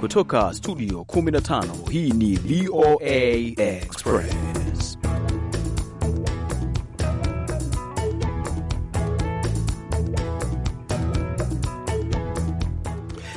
Kutoka studio 15 hii ni VOA Express.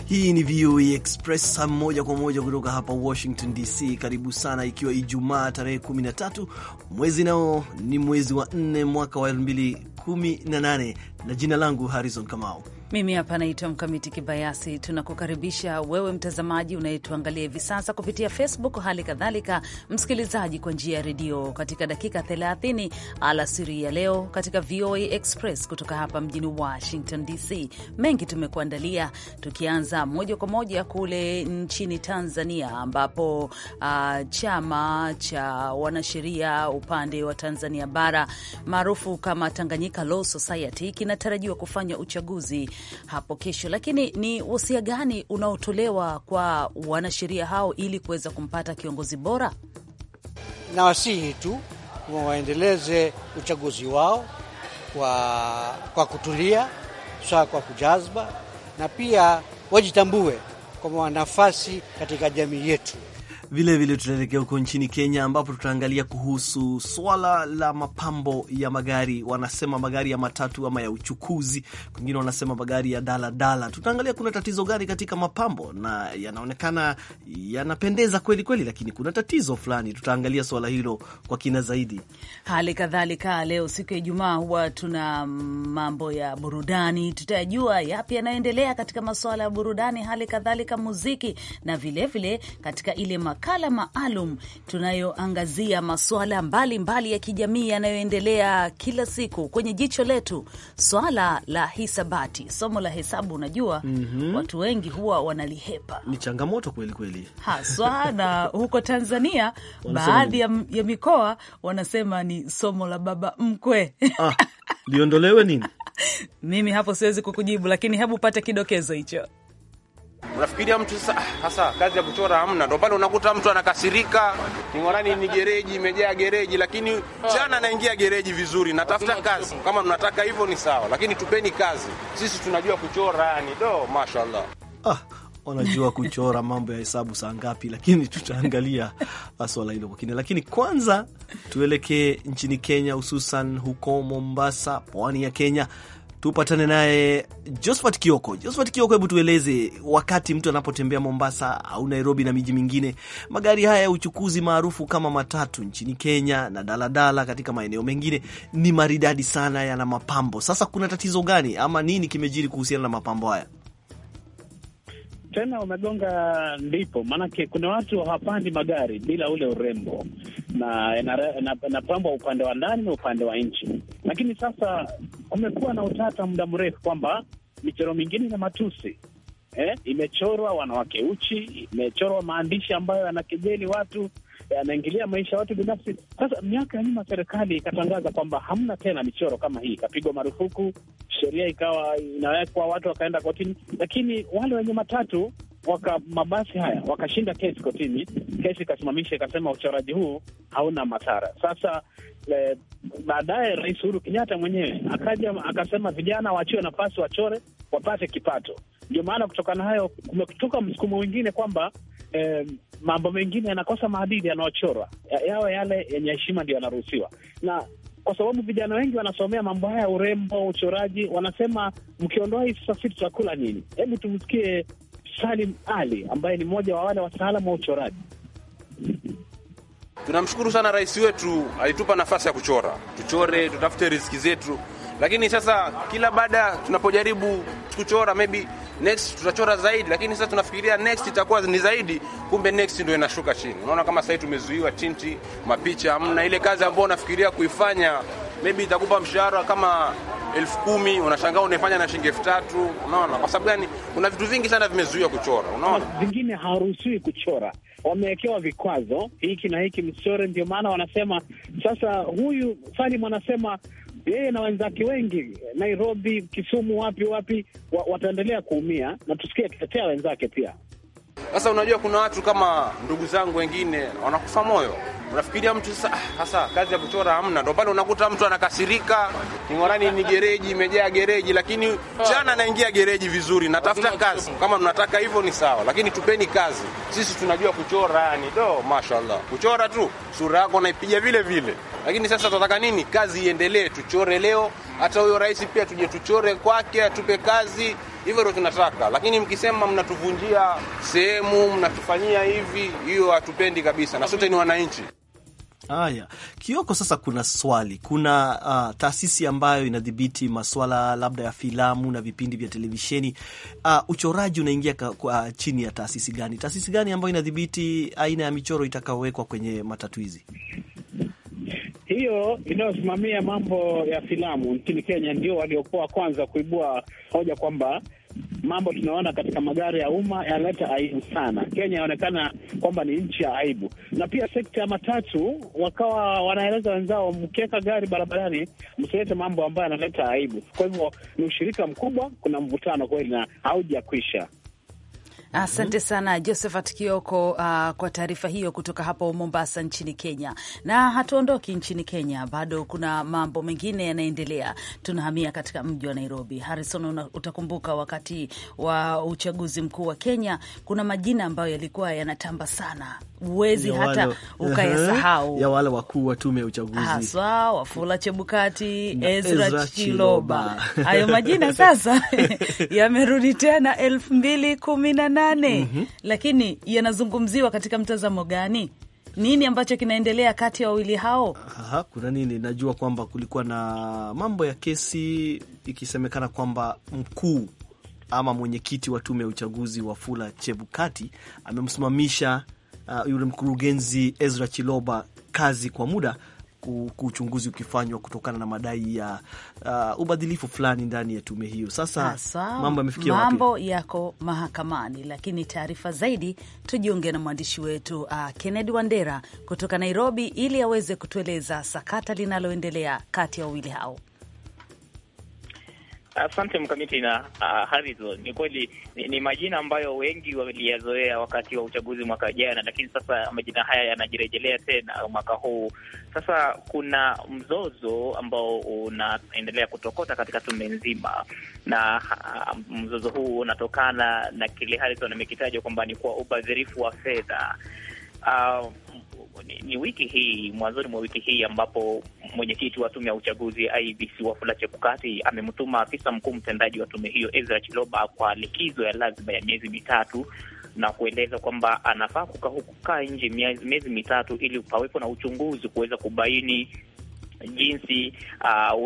Hii ni VOA Express sa moja kwa moja kutoka hapa Washington DC. Karibu sana, ikiwa Ijumaa tarehe 13 mwezi nao ni mwezi wa 4 mwaka wa 2018 na jina langu Harrison Kamau. Mimi hapa naitwa Mkamiti Kibayasi. Tunakukaribisha wewe mtazamaji unayetuangalia hivi sasa kupitia Facebook, hali kadhalika msikilizaji kwa njia ya redio katika dakika 30 alasiri ya leo katika VOA Express kutoka hapa mjini Washington DC. Mengi tumekuandalia, tukianza moja kwa moja kule nchini Tanzania ambapo uh, chama cha wanasheria upande wa Tanzania bara maarufu kama Tanganyika Law Society kinatarajiwa kufanya uchaguzi hapo kesho. Lakini ni wosia gani unaotolewa kwa wanasheria hao ili kuweza kumpata kiongozi bora? Na wasihi tu waendeleze uchaguzi wao kwa, kwa kutulia saa kwa kujazba, na pia wajitambue kwa nafasi katika jamii yetu. Vilevile tutaelekea huko nchini Kenya ambapo tutaangalia kuhusu swala la mapambo ya magari. Wanasema magari ya matatu ama ya uchukuzi, wengine wanasema magari ya daladala. Tutaangalia kuna tatizo gani katika mapambo, na yanaonekana yanapendeza kweli kweli, lakini kuna tatizo fulani. Tutaangalia swala hilo kwa kina zaidi. Hali kadhalika, leo siku ya Ijumaa huwa tuna mambo ya burudani, tutayajua yapi yanaendelea katika masuala ya burudani, hali kadhalika muziki na vilevile vile katika ile makala maalum tunayoangazia masuala mbalimbali ya kijamii yanayoendelea kila siku kwenye jicho letu, swala la hisabati, somo la hesabu. Unajua mm -hmm. watu wengi huwa wanalihepa, ni changamoto kweli kweli haswa na huko Tanzania baadhi ya, ya mikoa wanasema ni somo la baba mkwe. Ah, liondolewe nini? Mimi hapo siwezi kukujibu, lakini hebu pate kidokezo hicho. Unafikiria mtu sasa, hasa kazi ya kuchora hamna, ndo pale unakuta mtu anakasirika, ningorani ni gereji imejaa gereji, lakini jana anaingia gereji vizuri, natafuta kazi. Kama mnataka hivyo ni sawa, lakini tupeni kazi, sisi tunajua kuchora. Yani do mashallah, ah, wanajua kuchora mambo ya hesabu saa ngapi, lakini tutaangalia swala hilo kwa kina. Lakini kwanza tuelekee nchini Kenya, hususan huko Mombasa, pwani ya Kenya tupatane naye Josphat Kioko. Josphat Kioko, hebu tueleze, wakati mtu anapotembea Mombasa au Nairobi na miji mingine, magari haya ya uchukuzi maarufu kama matatu nchini Kenya na daladala katika maeneo mengine ni maridadi sana, yana mapambo. Sasa kuna tatizo gani ama nini kimejiri kuhusiana na mapambo haya? Tena umegonga ndipo, maanake kuna watu hawapandi magari bila ule urembo, na inapambwa upande wa ndani na upande wa nchi. Lakini sasa kumekuwa na utata muda mrefu kwamba michoro mingine ina matusi eh, imechorwa wanawake uchi, imechorwa maandishi ambayo yanakejeli watu, yanaingilia maisha ya watu binafsi. Sasa miaka ya nyuma serikali ikatangaza kwamba hamna tena michoro kama hii, ikapigwa marufuku, sheria ikawa inawekwa, watu wakaenda kotini, lakini wale wenye matatu waka mabasi haya wakashinda kesi kotini, kesi ikasimamisha, ikasema uchoraji huu hauna madhara. Sasa baadaye Rais Uhuru Kenyatta mwenyewe akaja akasema vijana waachiwe nafasi wachore wapate kipato. Ndio maana kutokana hayo kumekutoka msukumo mwingine kwamba eh, mambo mengine yanakosa maadili yanayochorwa yawe yale yenye heshima ndio yanaruhusiwa na kwa sababu vijana wengi wanasomea mambo haya, urembo, uchoraji, wanasema mkiondoa hii sasa, si tutakula nini? Hebu tumsikie Salim Ali ambaye ni mmoja wa wale wataalamu wa uchoraji. Tunamshukuru sana rais wetu, alitupa nafasi ya kuchora, tuchore, tutafute riziki zetu. Lakini sasa kila baada tunapojaribu kuchora, maybe next tutachora zaidi, lakini sasa tunafikiria next itakuwa ni zaidi, kumbe next ndio inashuka chini. Unaona kama sasa tumezuiwa tinti, mapicha hamna, ile kazi ambayo unafikiria kuifanya maybe itakupa mshahara kama elfu kumi unashangaa unafanya na shilingi elfu tatu Unaona kwa sababu gani? Kuna vitu vingi sana vimezuiwa kuchora, unaona, vingine hawaruhusiwi kuchora, wamewekewa vikwazo hiki na hiki mchore. Ndio maana wanasema sasa, huyu Salim anasema yeye na wenzake wengi Nairobi, Kisumu, wapi wapi, wa, wataendelea kuumia na tusikie akitetea wenzake pia. Sasa unajua kuna watu kama ndugu zangu wengine wanakufa moyo Unafikiria mtu sasa, hasa kazi ya kuchora hamna, ndio pale unakuta mtu anakasirika. Kingorani ni gereji, imejaa gereji, lakini jana naingia gereji vizuri, natafuta kazi. Kama tunataka hivyo ni sawa, lakini tupeni kazi. Sisi tunajua kuchora, yani do mashallah, kuchora tu sura yako naipiga vile vile, lakini sasa tunataka nini? Kazi iendelee, tuchore leo, hata huyo rais pia tuje tuchore kwake, atupe kazi. Hivyo ndio tunataka, lakini mkisema mnatuvunjia sehemu, mnatufanyia hivi, hiyo hatupendi kabisa, na sote ni wananchi. Haya, Kioko, sasa kuna swali, kuna uh, taasisi ambayo inadhibiti maswala labda ya filamu na vipindi vya televisheni uh, uchoraji unaingia kwa uh, chini ya taasisi gani? Taasisi gani ambayo inadhibiti aina ya michoro itakayowekwa kwenye matatu hizi? Hiyo inayosimamia mambo ya filamu nchini Kenya ndio waliokuwa kwanza kuibua hoja kwamba mambo tunaona katika magari ya umma yanaleta aibu sana. Kenya yaonekana kwamba ni nchi ya aibu, na pia sekta ya matatu wakawa wanaeleza wenzao, mkiweka gari barabarani msilete mambo ambayo yanaleta aibu. Kwa hivyo ni ushirika mkubwa, kuna mvutano kweli na haujakwisha. Asante mhm. sana Josephat Kioko, uh, kwa taarifa hiyo kutoka hapo Mombasa nchini Kenya. Na hatuondoki nchini Kenya, bado kuna mambo mengine yanaendelea. Tunahamia katika mji wa Nairobi. Harrison, utakumbuka wakati wa uchaguzi mkuu wa Kenya kuna majina ambayo yalikuwa yanatamba sana huwezi hata ukayasahau ya wale wakuu wa tume ya uchaguzi haswa Wafula Chebukati, Ezra, Ezra Chiloba. Hayo majina sasa yamerudi tena elfu mbili kumi na nane mm -hmm. Lakini yanazungumziwa katika mtazamo gani? Nini ambacho kinaendelea kati ya wawili hao? Aha, kuna nini? Najua kwamba kulikuwa na mambo ya kesi ikisemekana kwamba mkuu ama mwenyekiti wa tume ya uchaguzi Wafula Chebukati amemsimamisha uh, yule mkurugenzi Ezra Chiloba kazi kwa muda huku uchunguzi ukifanywa kutokana na madai ya uh, ubadhilifu fulani ndani ya tume hiyo. Sasa Asa, mambo yamefikia wapi? yako mahakamani, lakini taarifa zaidi tujiunge na mwandishi wetu uh, Kennedy Wandera kutoka Nairobi ili aweze kutueleza sakata linaloendelea kati ya wawili hao. Asante mkamiti na uh, ah, Harizo, ni kweli ni, ni majina ambayo wengi waliyazoea wakati wa uchaguzi mwaka jana, lakini sasa majina haya yanajirejelea tena mwaka huu. Sasa kuna mzozo ambao unaendelea kutokota katika tume nzima, na uh, mzozo huu unatokana na kile Harizo amekitaja kwamba ni kwa ubadhirifu wa fedha uh, ni, ni wiki hii mwanzoni mwa wiki hii ambapo mwenyekiti wa tume ya uchaguzi IBC Wafula Chebukati amemtuma afisa mkuu mtendaji wa tume hiyo Ezra Chiloba kwa likizo ya lazima ya miezi mitatu na kueleza kwamba anafaa kukaa nje miezi mitatu ili pawepo na uchunguzi kuweza kubaini jinsi uh,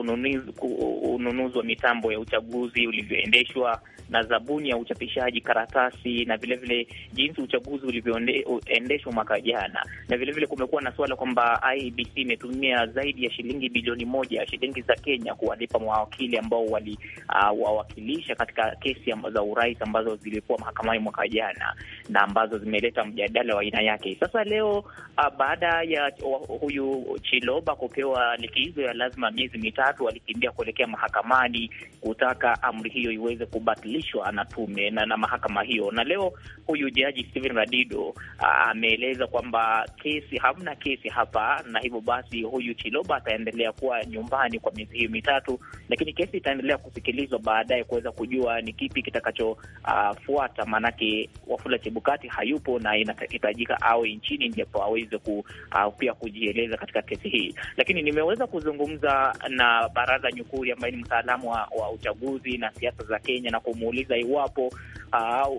ununuzi, wa mitambo ya uchaguzi ulivyoendeshwa na zabuni ya uchapishaji karatasi na vilevile vile jinsi uchaguzi ulivyoendeshwa mwaka jana, na vilevile kumekuwa na suala kwamba IBC imetumia zaidi ya shilingi bilioni moja ya shilingi za Kenya kuwalipa mawakili ambao waliwawakilisha uh, katika kesi za urais ambazo zilikuwa mahakamani mwaka jana na ambazo zimeleta mjadala wa aina yake. Sasa leo uh, baada ya uh, huyu Chiloba kupewa likizo ya lazima miezi mitatu walikimbia kuelekea mahakamani kutaka amri hiyo iweze kubatilishwa na tume na, na mahakama hiyo. Na leo huyu jaji Stephen Radido ameeleza kwamba kesi, hamna kesi hapa, na hivyo basi huyu Chiloba ataendelea kuwa nyumbani kwa miezi hiyo mitatu, lakini kesi itaendelea kusikilizwa baadaye kuweza kujua ni kipi kitakachofuata. Uh, maanake Wafula Chebukati hayupo na inahitajika awe nchini ndipo aweze ku, uh, pia kujieleza katika kesi hii, lakini nimewe tumeweza kuzungumza na Baraza Nyukuri ambaye ni mtaalamu wa, wa uchaguzi na siasa za Kenya na kumuuliza iwapo uh,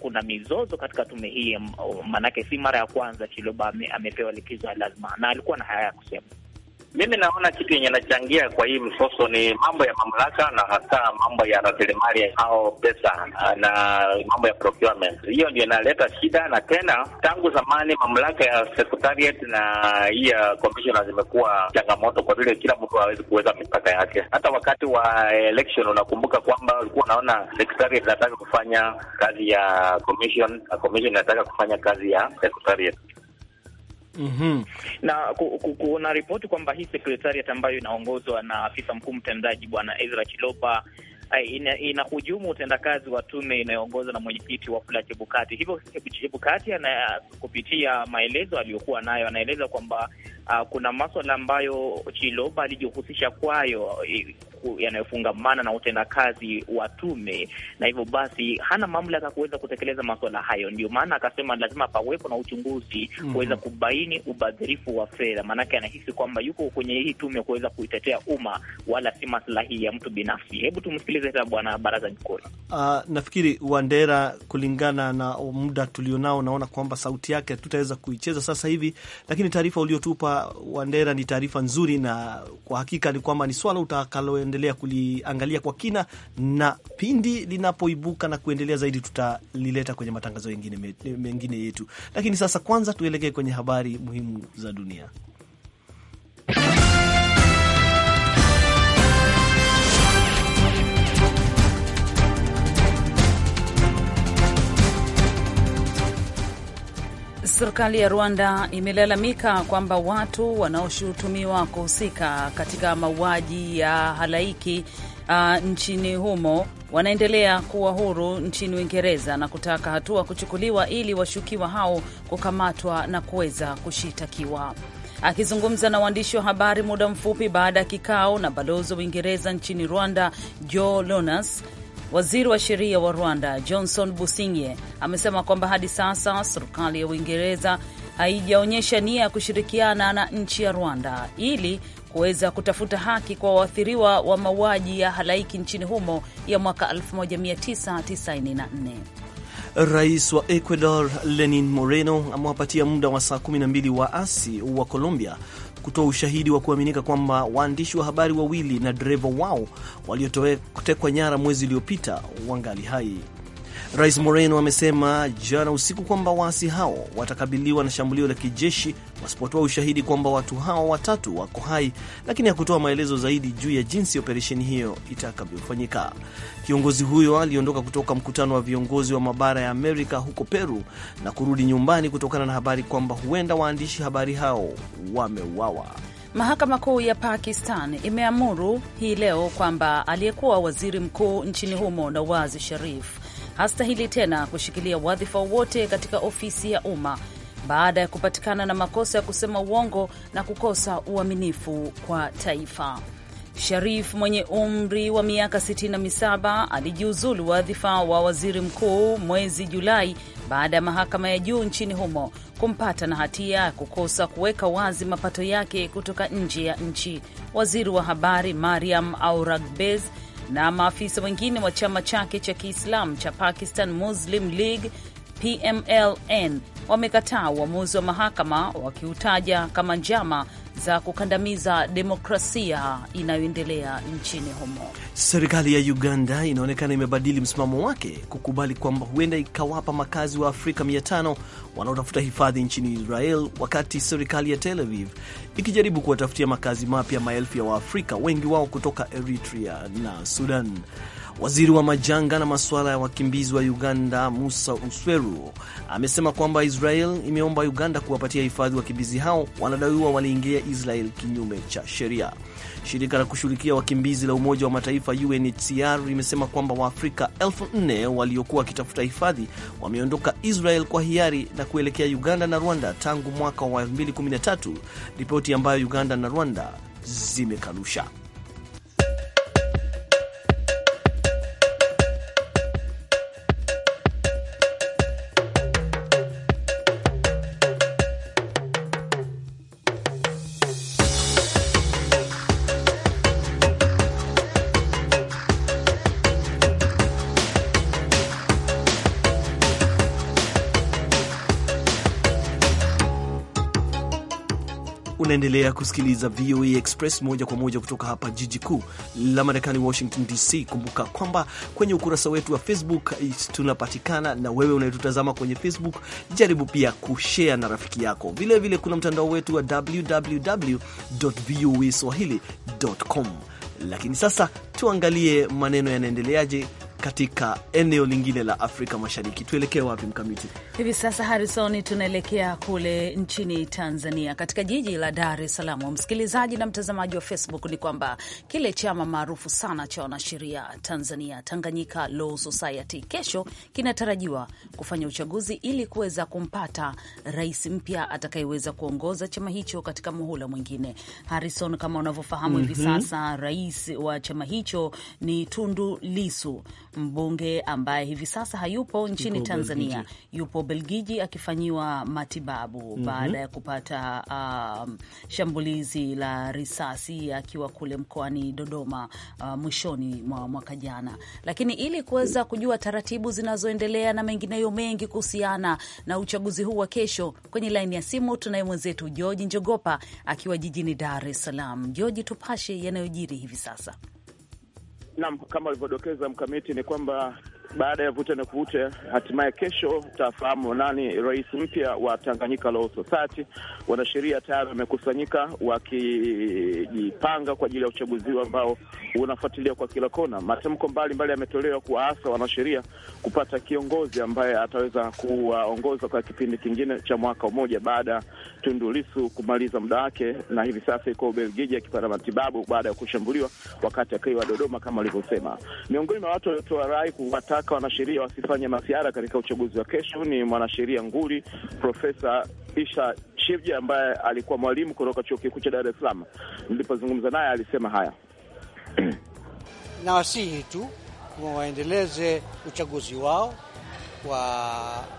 kuna mizozo katika tume hii, maanake um, si mara ya kwanza Chiloba ame, amepewa likizo ya lazima, na alikuwa na haya ya kusema. Mimi naona kitu yenye nachangia kwa hii msoso ni mambo ya mamlaka na hasa mambo ya rasilimali au pesa na mambo ya procurement. Hiyo ndio inaleta shida, na tena tangu zamani mamlaka ya secretariat na hii ya commissioner zimekuwa changamoto, kwa vile kila mtu hawezi kuweza mipaka yake. Hata wakati wa election unakumbuka kwamba ulikuwa unaona secretariat inataka kufanya kazi ya commission na commission inataka kufanya kazi ya secretariat mm -hmm. na ku, ku, kuna ripoti kwamba hii sekretariat ambayo inaongozwa na afisa mkuu mtendaji Bwana Ezra Chilopa inahujumu ina utendakazi wa tume inayoongozwa na mwenyekiti Wafula Chebukati. Hivyo Chebukati kupitia maelezo aliyokuwa nayo anaeleza kwamba uh, kuna maswala ambayo Chiloba alijihusisha kwayo yanayofungamana na utendakazi wa tume, na hivyo basi hana mamlaka kuweza kutekeleza maswala hayo. Ndio maana akasema lazima pawepo na uchunguzi mhm. kuweza kubaini ubadhirifu wa fedha, maanake anahisi kwamba yuko kwenye hii tume kuweza kuitetea umma, wala si maslahi ya mtu binafsi. Hebu tumsikilize. Nisikilize bwana baraza jikoni. Uh, ah, nafikiri Wandera, kulingana na muda tulionao, naona kwamba sauti yake tutaweza kuicheza sasa hivi, lakini taarifa uliotupa Wandera ni taarifa nzuri, na kwa hakika ni kwamba ni swala utakaloendelea kuliangalia kwa kina, na pindi linapoibuka na kuendelea zaidi tutalileta kwenye matangazo mengine yetu. Lakini sasa kwanza tuelekee kwenye habari muhimu za dunia. Serikali ya Rwanda imelalamika kwamba watu wanaoshutumiwa kuhusika katika mauaji ya halaiki uh, nchini humo wanaendelea kuwa huru nchini Uingereza na kutaka hatua kuchukuliwa ili washukiwa hao kukamatwa na kuweza kushitakiwa. Akizungumza na waandishi wa habari muda mfupi baada ya kikao na balozi wa Uingereza nchini Rwanda, Joe Lonas, Waziri wa sheria wa Rwanda Johnson Businge amesema kwamba hadi sasa serikali ya Uingereza haijaonyesha nia ya kushirikiana na nchi ya Rwanda ili kuweza kutafuta haki kwa waathiriwa wa mauaji ya halaiki nchini humo ya mwaka 1994. Rais wa Ecuador Lenin Moreno amewapatia muda wa saa 12 waasi wa Colombia kutoa ushahidi wa kuaminika kwamba waandishi wa habari wawili na dereva wao waliotekwa nyara mwezi uliopita wangali hai. Rais Moreno amesema jana usiku kwamba waasi hao watakabiliwa na shambulio la kijeshi wasipotoa ushahidi kwamba watu hao watatu wako hai, lakini hakutoa maelezo zaidi juu ya jinsi operesheni hiyo itakavyofanyika. Kiongozi huyo aliondoka kutoka mkutano wa viongozi wa mabara ya Amerika huko Peru na kurudi nyumbani kutokana na habari kwamba huenda waandishi habari hao wameuawa. Mahakama Kuu ya Pakistan imeamuru hii leo kwamba aliyekuwa waziri mkuu nchini humo Nawaz Sharif hastahili tena kushikilia wadhifa wowote katika ofisi ya umma baada ya kupatikana na makosa ya kusema uongo na kukosa uaminifu kwa taifa. Sharif mwenye umri wa miaka 67 alijiuzulu wadhifa wa waziri mkuu mwezi Julai baada ya mahakama ya juu nchini humo kumpata na hatia ya kukosa kuweka wazi mapato yake kutoka nje ya nchi. Waziri wa habari Mariam Auragbez na maafisa wengine wa chama chake cha Kiislamu cha Pakistan Muslim League PMLN wamekataa uamuzi wa mahakama wakiutaja kama njama za kukandamiza demokrasia inayoendelea nchini humo. Serikali ya Uganda inaonekana imebadili msimamo wake kukubali kwamba huenda ikawapa makazi wa Afrika 500 wanaotafuta hifadhi nchini Israel, wakati serikali ya Tel Aviv ikijaribu kuwatafutia makazi mapya maelfu ya Waafrika, wengi wao kutoka Eritrea na Sudan. Waziri wa majanga na masuala ya wakimbizi wa Uganda, Musa Usweru, amesema kwamba Israel imeomba Uganda kuwapatia hifadhi wakimbizi hao wanadaiwa waliingia Israel kinyume cha sheria. Shirika la kushughulikia wakimbizi la Umoja wa Mataifa, UNHCR, limesema kwamba Waafrika elfu nne waliokuwa wakitafuta hifadhi wameondoka Israel kwa hiari na kuelekea Uganda na Rwanda tangu mwaka wa 2013. Ripoti ripoti ambayo Uganda na Rwanda zimekanusha. Unaendelea kusikiliza VOA Express moja kwa moja kutoka hapa jiji kuu la Marekani, Washington DC. Kumbuka kwamba kwenye ukurasa wetu wa Facebook eh, tunapatikana, na wewe unayetutazama kwenye Facebook, jaribu pia kushare na rafiki yako. Vilevile vile kuna mtandao wetu wa www voa swahili com. Lakini sasa tuangalie maneno yanaendeleaje katika eneo lingine la Afrika Mashariki. Tuelekee wapi, Mkamiti? Hivi sasa, Harrison, tunaelekea kule nchini Tanzania, katika jiji la Dar es Salaam. Msikilizaji na mtazamaji wa Facebook, ni kwamba kile chama maarufu sana cha wanasheria Tanzania, Tanganyika Law Society, kesho kinatarajiwa kufanya uchaguzi ili kuweza kumpata rais mpya atakayeweza kuongoza chama hicho katika muhula mwingine. Harrison, kama unavyofahamu hivi mm -hmm. sasa rais wa chama hicho ni Tundu Lisu mbunge ambaye hivi sasa hayupo nchini yupo Tanzania Belgiji. Yupo Belgiji akifanyiwa matibabu mm -hmm. baada ya kupata um, shambulizi la risasi akiwa kule mkoani Dodoma uh, mwishoni mwa mwaka jana, lakini ili kuweza kujua taratibu zinazoendelea na mengineyo mengi kuhusiana na uchaguzi huu wa kesho, kwenye laini ya simu tunaye mwenzetu George Njogopa akiwa jijini Dar es Salaam. George, tupashe yanayojiri hivi sasa. Naam, kama alivyodokeza mkamiti ni kwamba baada ya vute na kuvute, hatimaye kesho tutafahamu nani rais mpya wa Tanganyika Law Society. Wanasheria tayari wamekusanyika wakijipanga kwa ajili ya uchaguzi ambao unafuatilia kwa kila kona. Matamko mbalimbali yametolewa kuwaasa wanasheria kupata kiongozi ambaye ataweza kuwaongoza kwa kipindi kingine cha mwaka mmoja baada Tundu Lissu kumaliza muda wake, na hivi sasa iko Ubelgiji akipata matibabu baada ya kushambuliwa wakati akiwa Dodoma, kama alivyosema. Miongoni mwa watu waliotoa rai kuwata kuwataka wanasheria wasifanye masiara katika uchaguzi wa kesho ni mwanasheria nguli Profesa Isha Shivji ambaye alikuwa mwalimu kutoka chuo kikuu cha Dar es Salaam. Nilipozungumza naye alisema haya nawasihi tu waendeleze uchaguzi wao kwa,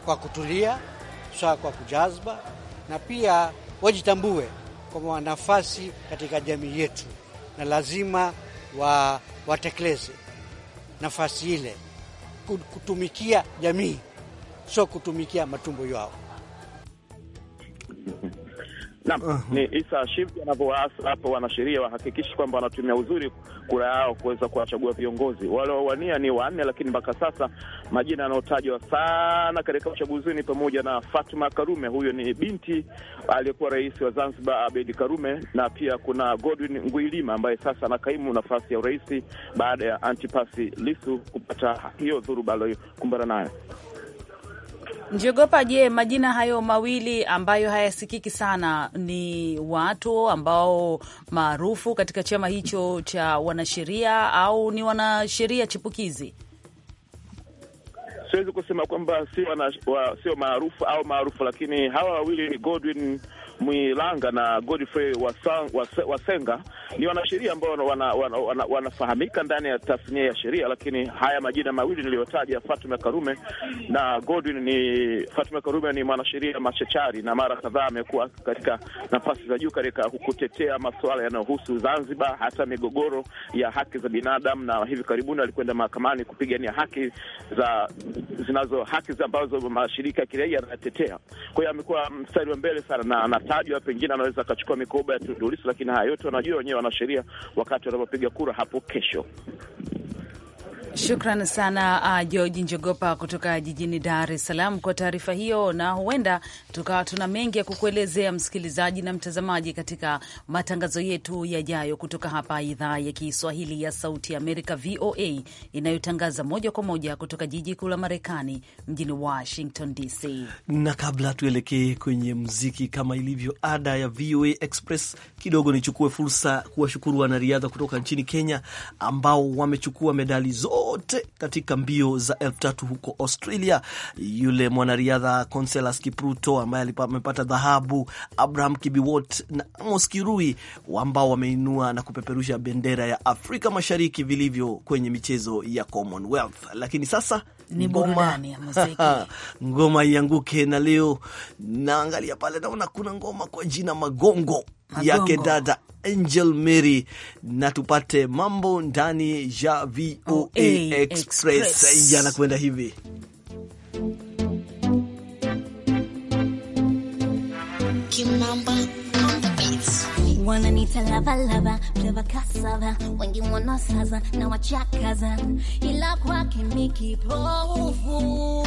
kwa kutulia sawa, kwa kujazba na pia wajitambue kwa nafasi katika jamii yetu, na lazima wa, watekeleze nafasi ile kutumikia jamii, sio kutumikia matumbo yao. Naam, Ni Isa Ashimbi anavyowaasa hapo wanasheria wahakikishe kwamba wanatumia uzuri kura yao kuweza kuwachagua viongozi waliowania. Ni wanne, lakini mpaka sasa majina yanayotajwa sana katika uchaguzi ni pamoja na Fatma Karume, huyo ni binti aliyekuwa rais wa Zanzibar Abedi Karume, na pia kuna Godwin Nguilima ambaye sasa anakaimu nafasi ya urais baada ya Antipasi Lisu kupata hiyo dhuruba aliyokumbana nayo. Njiogopa, je, majina hayo mawili ambayo hayasikiki sana ni watu ambao maarufu katika chama hicho cha wanasheria au ni wanasheria chipukizi? Siwezi kusema kwamba sio maarufu au maarufu, lakini hawa wawili ni Godwin Mwilanga na Godfrey Wasenga ni wanasheria ambao wanafahamika wana, wana, wana, ndani ya tasnia ya sheria, lakini haya majina mawili niliyotaja, Fatuma Karume na Godwin, ni Fatuma Karume ni mwanasheria machachari na mara kadhaa amekuwa katika nafasi za juu katika kutetea masuala yanayohusu Zanzibar, hata migogoro ya haki za binadamu, na hivi karibuni alikwenda mahakamani kupigania haki za zinazo haki ambazo mashirika ya kiraia yanatetea. Kwa hiyo amekuwa mstari wa mbele sana na akatajwa, pengine anaweza akachukua mikoba ya Tundu Lissu, lakini haya yote wanajua wenyewe wanasheria, wakati wanapopiga kura hapo kesho. Shukran sana uh, George Njogopa kutoka jijini Dar es Salaam kwa taarifa hiyo, na huenda tukawa tuna mengi ya kukuelezea msikilizaji na mtazamaji katika matangazo yetu yajayo kutoka hapa idhaa ya Kiswahili ya Sauti ya Amerika, VOA, inayotangaza moja kwa moja kutoka jiji kuu la Marekani, mjini Washington DC. Na kabla tuelekee kwenye mziki, kama ilivyo ada ya VOA Express, kidogo nichukue fursa kuwashukuru wanariadha kutoka nchini Kenya ambao wamechukua medali zote wote katika mbio za elfu tatu huko Australia. Yule mwanariadha Conseslus Kipruto ambaye amepata dhahabu, Abraham Kibiwot na Amos Kirui ambao wameinua na kupeperusha bendera ya Afrika Mashariki vilivyo kwenye michezo ya Commonwealth. Lakini sasa ni ngoma ya muziki ngoma ianguke. Na leo naangalia pale, naona kuna ngoma kwa jina Magongo, Magongo yake dada Angel Mary, na tupate mambo ndani ya VOA Express yanakwenda hivi Kimamba wananita lavalava pleva kasava, wengi wanasaza na wachakaza, ila kwake ni kipofu.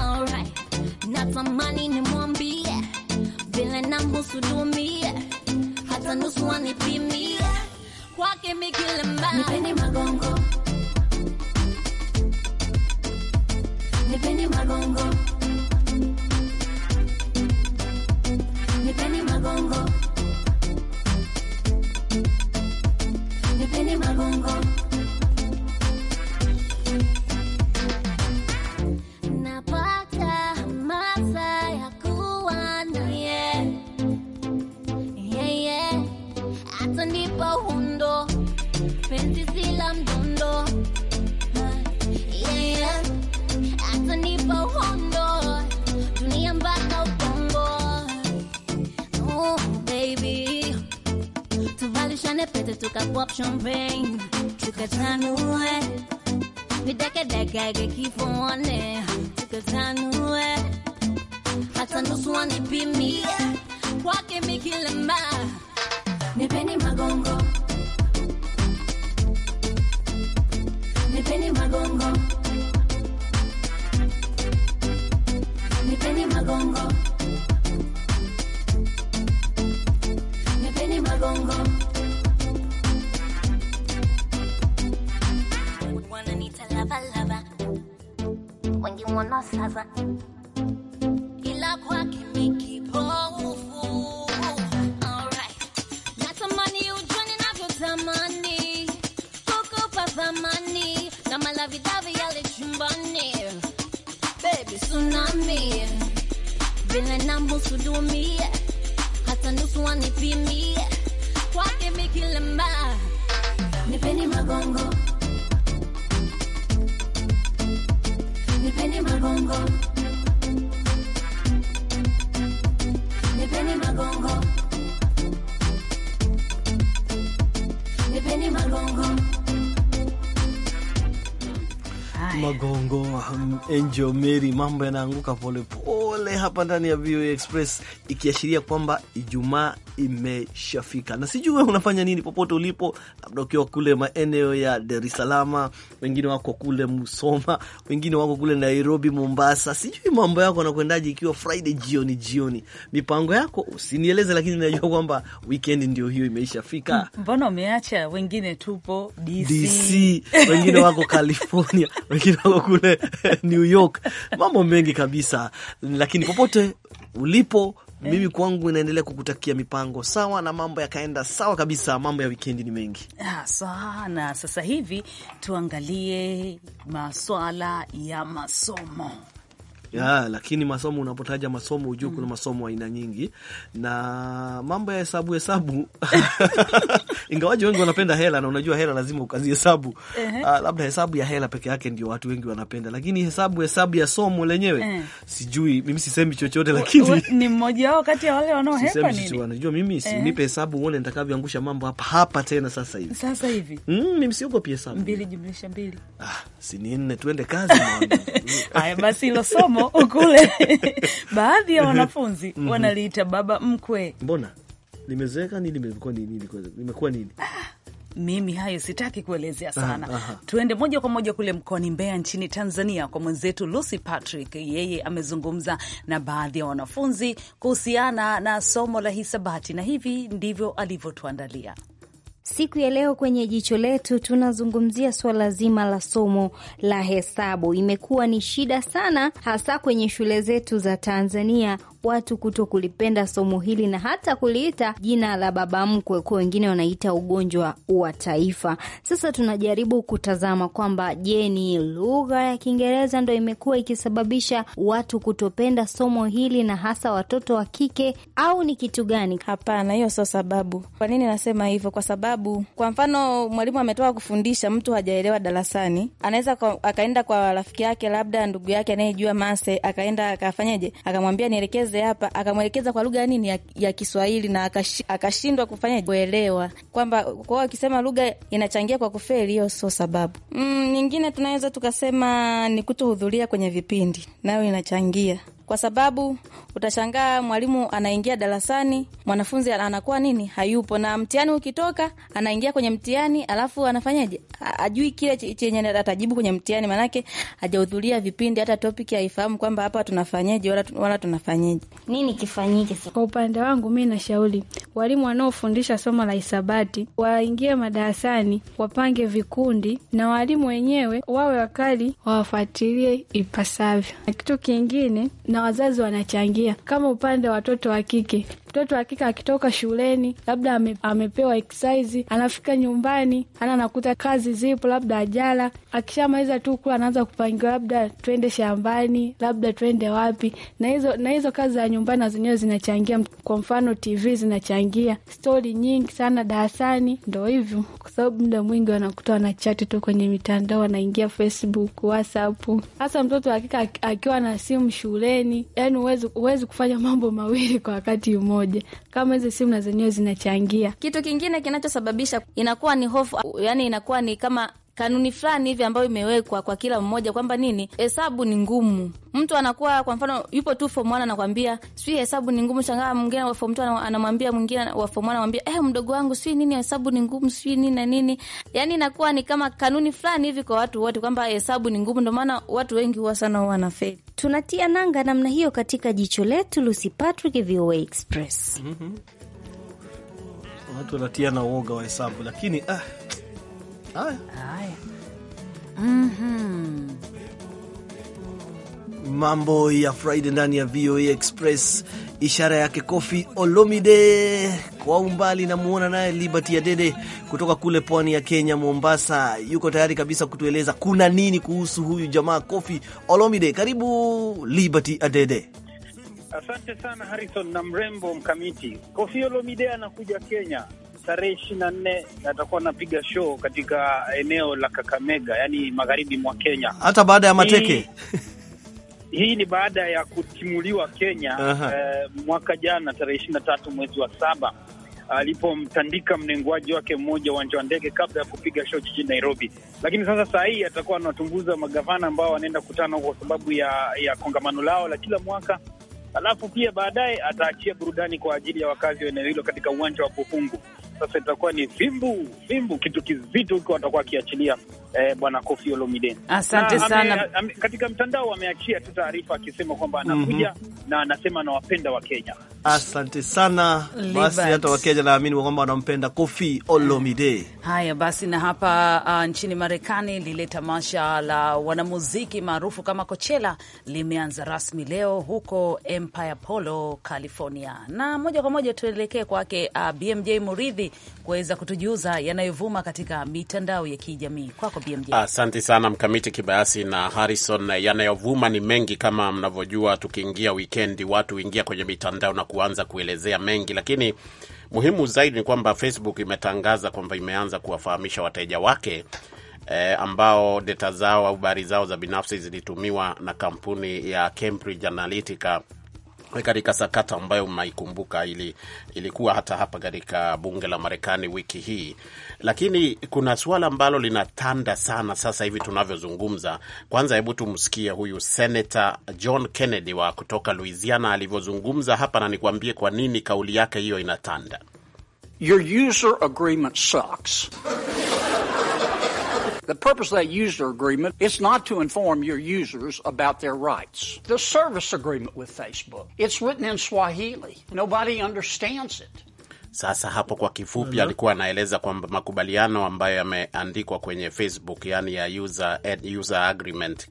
Alright, natamani nimwambie vile namhusudumie, hata nusu anipimie, kwake ni kilemba. Nipeni magongo, nipeni magongo, nipeni magongo nipende mabongo Kikaige just wanna be me. mwana sasa ila kwake ni kipofu. natamani ujoni navyotamani kukupa thamani na malavidavi yale chumbani, baby tsunami vile namhusudumie hata nusu wanipimie kwake mikilema nipeni magongo Congo. Angel Mary, mambo yanaanguka polepole hapa ndani ya VOA Express, ikiashiria kwamba Ijumaa imeshafika, na sijui unafanya nini popote ulipo, labda ukiwa kule maeneo ya Dar es Salaam, wengine wako kule Musoma, wengine wako kule Nairobi, Mombasa. Sijui mambo yako anakwendaje, ikiwa Friday jioni jioni, mipango yako usinieleze, lakini najua kwamba weekend ndio hiyo imeshafika. Mbona umeacha wengine? Tupo DC, DC wengine wako California, wengine wako kule New York, mambo mengi kabisa, lakini popote ulipo eh. mimi kwangu inaendelea kukutakia mipango sawa na mambo yakaenda sawa kabisa. Mambo ya wikendi ni mengi ah, sana. Sasa hivi tuangalie maswala ya masomo ya, lakini masomo unapotaja masomo ujue kuna masomo aina nyingi na mambo ya hesabu hesabu ingawaji wengi wanapenda hela na unajua hela lazima ukazi hesabu uh -huh. Uh, labda hesabu ya hela peke yake ndio watu wengi wanapenda, lakini hesabu hesabu ya somo lenyewe uh eh. -huh. Sijui mimi sisemi chochote, lakini ni mmoja wao kati ya wale wanaohepa nini, unajua mimi si uh eh. -huh. Nipe hesabu uone nitakavyoangusha mambo hapa hapa tena sasa hivi sasa hivi mm, mimi siogopi hesabu mbili jumlisha mbili ah, si ni nne, twende kazi haya basi hilo somo kule ukule baadhi ya wanafunzi mm -hmm. wanaliita baba mkwe. Mbona limezeeka nini? Nimekuwa nini? Nimekuwa nini? Ah, mimi hayo sitaki kuelezea sana. aha. Tuende moja kwa moja kule mkoani Mbeya nchini Tanzania kwa mwenzetu Lucy Patrick. Yeye amezungumza na baadhi ya wanafunzi kuhusiana na somo la hisabati na hivi ndivyo alivyotuandalia. Siku ya leo kwenye jicho letu tunazungumzia suala zima la somo la hesabu. Imekuwa ni shida sana, hasa kwenye shule zetu za Tanzania watu kuto kulipenda somo hili na hata kuliita jina la baba mkwe, kwa wengine wanaita ugonjwa wa taifa. Sasa tunajaribu kutazama kwamba je, ni lugha ya Kiingereza ndo imekuwa ikisababisha watu kutopenda somo hili na hasa watoto wa kike au ni kitu gani? Hapana, hiyo sio sababu. Kwa nini nasema hivyo? Kwa sababu kwa mfano mwalimu ametoka kufundisha, mtu hajaelewa darasani, anaweza akaenda kwa rafiki yake, labda ndugu yake anayejua mase, akaenda akafanyaje, akamwambia nielekeze anieleze hapa, akamwelekeza kwa lugha nini ya, ya Kiswahili na akashindwa kufanya kuelewa kwamba kwao akisema lugha inachangia kwa kufeli, hiyo sio sababu. Mm, nyingine tunaweza tukasema ni kutohudhuria kwenye vipindi, nayo inachangia kwa sababu utashangaa mwalimu anaingia darasani, mwanafunzi anakuwa nini, hayupo, na mtihani ukitoka anaingia kwenye mtihani, alafu anafanyaje? Ajui kile chenye atajibu kwenye mtihani, maanake hajahudhuria vipindi, hata topiki haifahamu kwamba hapa tunafanyaje wala, wala tunafanyaje nini kifanyike. So, kwa upande wangu mi nashauri walimu wanaofundisha somo la hisabati waingie madarasani, wapange vikundi na walimu wenyewe wawe wakali, wawafuatilie ipasavyo, na kitu kingine na wazazi wanachangia, kama upande wa watoto wa kike Mtoto hakika akitoka shuleni, labda ame, amepewa exercise, anafika nyumbani ana anakuta kazi zipo, labda ajala. Akishamaliza tu kula, anaanza kupangiwa, labda twende shambani, labda twende wapi, na hizo na hizo kazi za nyumbani na zenyewe zinachangia. Kwa mfano TV zinachangia, stori nyingi sana darasani. Ndo hivyo, kwa sababu muda mwingi wanakuta wanachati tu kwenye mitandao, wanaingia Facebook, WhatsApp. Hasa mtoto hakika akiwa na simu shuleni, yani huwezi kufanya mambo mawili kwa wakati mmoja moja, kama hizo simu na zenyewe zinachangia. Kitu kingine kinachosababisha inakuwa ni hofu, yani inakuwa ni kama kanuni fulani hivi ambayo imewekwa kwa kila mmoja kwamba nini, hesabu ni ngumu. Mtu anakuwa kwa mfano yupo tu form 1 anakwambia sijui hesabu ni ngumu, shangaa mwingine wa form 2 anamwambia mwingine wa form 1 anamwambia eh, mdogo wangu sijui nini hesabu ni ngumu sijui nini na nini. Yani inakuwa ni kama kanuni fulani hivi kwa watu wote kwamba hesabu ni ngumu, ndio maana watu wengi huwa sana huwa na wanafeli. Tunatia nanga namna hiyo katika jicho letu. Lucy Patrick, VOA Express. mm -hmm. Watu wanatia na uoga wa hesabu lakini ah Haya. Mm-hmm. Mambo ya Friday ndani ya VOA Express, ishara yake Kofi Olomide kwa umbali, namuona naye Liberty ya Dede kutoka kule pwani ya Kenya, Mombasa, yuko tayari kabisa kutueleza kuna nini kuhusu huyu jamaa Kofi Olomide. Karibu Liberty Adede. Asante sana Harrison na mrembo mkamiti. Kofi Olomide anakuja Kenya tarehe ishirini na nne atakuwa anapiga show katika eneo la Kakamega, yaani magharibi mwa Kenya, hata baada ya mateke hii, hii ni baada ya kutimuliwa Kenya eh, mwaka jana tarehe ishirini na tatu mwezi wa saba alipomtandika mnenguaji wake mmoja uwanja wa ndege kabla ya kupiga show jijini Nairobi. Lakini sasa saa hii atakuwa anawatumbuza magavana ambao wanaenda kukutana kwa sababu ya, ya kongamano lao la kila mwaka, alafu pia baadaye ataachia burudani kwa ajili ya wakazi wa eneo hilo katika uwanja wa Bufungu. Sasa itakuwa ni vimbu vimbu, kitu kizito huko watakuwa wakiachilia eh, Bwana Kofi Olomide. Asante sana. Ame, katika mtandao ameachia tu taarifa akisema kwamba mhm. anakuja mm -hmm. na anasema anawapenda wa Kenya. Asante sana. Basi hata Wakenya naamini kwamba wanampenda Kofi Olomide. Haya basi, na hapa uh, nchini Marekani lile tamasha la wanamuziki maarufu kama Coachella limeanza rasmi leo huko Empire Polo, California, na moja kwa moja tuelekee kwake uh, BMJ Muridhi kuweza kutujuza yanayovuma katika mitandao ya kijamii kwa kwako BMJ. Asante sana Mkamiti Kibayasi na Harrison. Yanayovuma ni mengi kama mnavyojua, tukiingia wikendi watu huingia kwenye mitandao na kuanza kuelezea mengi, lakini muhimu zaidi ni kwamba Facebook imetangaza kwamba imeanza kuwafahamisha wateja wake E, ambao data zao au habari zao za binafsi zilitumiwa na kampuni ya Cambridge Analytica katika sakata ambayo mnaikumbuka, ili ilikuwa hata hapa katika bunge la Marekani wiki hii. Lakini kuna suala ambalo linatanda sana sasa hivi tunavyozungumza. Kwanza hebu tumsikie huyu Senator John Kennedy wa kutoka Louisiana alivyozungumza hapa, na nikwambie kwa nini kauli yake hiyo inatanda. Your user agreement sucks. The purpose of that user agreement is not to inform your users about their rights. The service agreement with Facebook, it's written in Swahili. Nobody understands it. Sasa hapo kwa kifupi, alikuwa anaeleza kwamba makubaliano ambayo yameandikwa kwenye Facebook, yani ya user, user agreement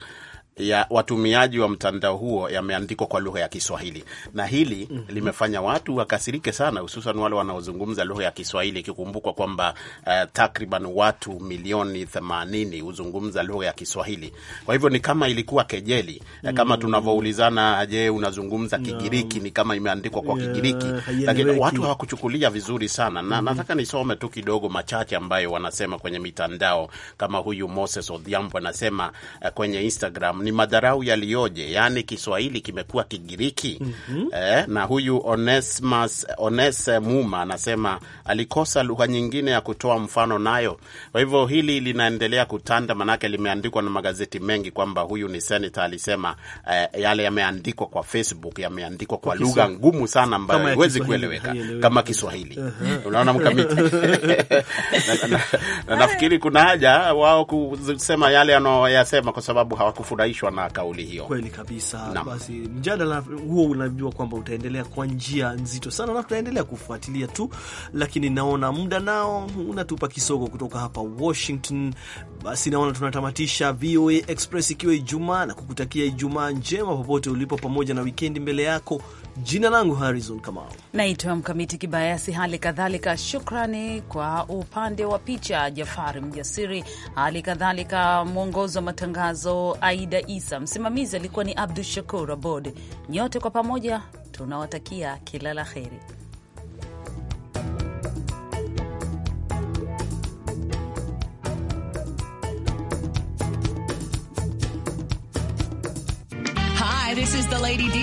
ya watumiaji wa mtandao huo yameandikwa kwa lugha ya Kiswahili na hili mm -hmm. limefanya watu wakasirike sana, hususan wale wanaozungumza lugha ya Kiswahili, ikikumbukwa kwamba uh, takriban watu milioni themanini huzungumza lugha ya Kiswahili. Kwa hivyo ni kama ilikuwa kejeli eh, mm -hmm. kama tunavyoulizana, je, unazungumza Kigiriki? Ni kama imeandikwa kwa yeah, Kigiriki, lakini watu hawakuchukulia vizuri sana na mm -hmm. nataka nisome tu kidogo machache ambayo wanasema kwenye mitandao, kama huyu Moses Odhiambo anasema uh, kwenye Instagram ni madharau yaliyoje, yaani Kiswahili kimekuwa Kigiriki. mm -hmm. Eh, na huyu Onesmas, Onese Muma anasema alikosa lugha nyingine ya kutoa mfano nayo. Kwa hivyo hili linaendelea kutanda, manake limeandikwa na magazeti mengi kwamba huyu ni senata alisema, eh, yale yameandikwa kwa Facebook yameandikwa kwa lugha ngumu sana ambayo haiwezi kueleweka kama Kiswahili. Uh-huh. Unaona mkamiti na nafikiri kuna haja wao kusema yale anayoyasema kwa sababu hawakufurahi kuridhishwa na kauli hiyo. Kweli kabisa na. Basi mjadala huo unajua kwamba utaendelea kwa njia nzito sana na tutaendelea kufuatilia tu, lakini naona muda nao unatupa kisogo kutoka hapa Washington. Basi naona tunatamatisha VOA Express ikiwa Ijumaa na kukutakia Ijumaa njema popote ulipo, pamoja na wikendi mbele yako. Jina langu Harrison Kamau, naitwa Mkamiti Kibayasi. Hali kadhalika shukrani kwa upande wa picha Jafari Mjasiri, hali kadhalika mwongozi wa matangazo Aida Isa. Msimamizi alikuwa ni Abdu Shakur Abod. Nyote kwa pamoja tunawatakia kila la heri.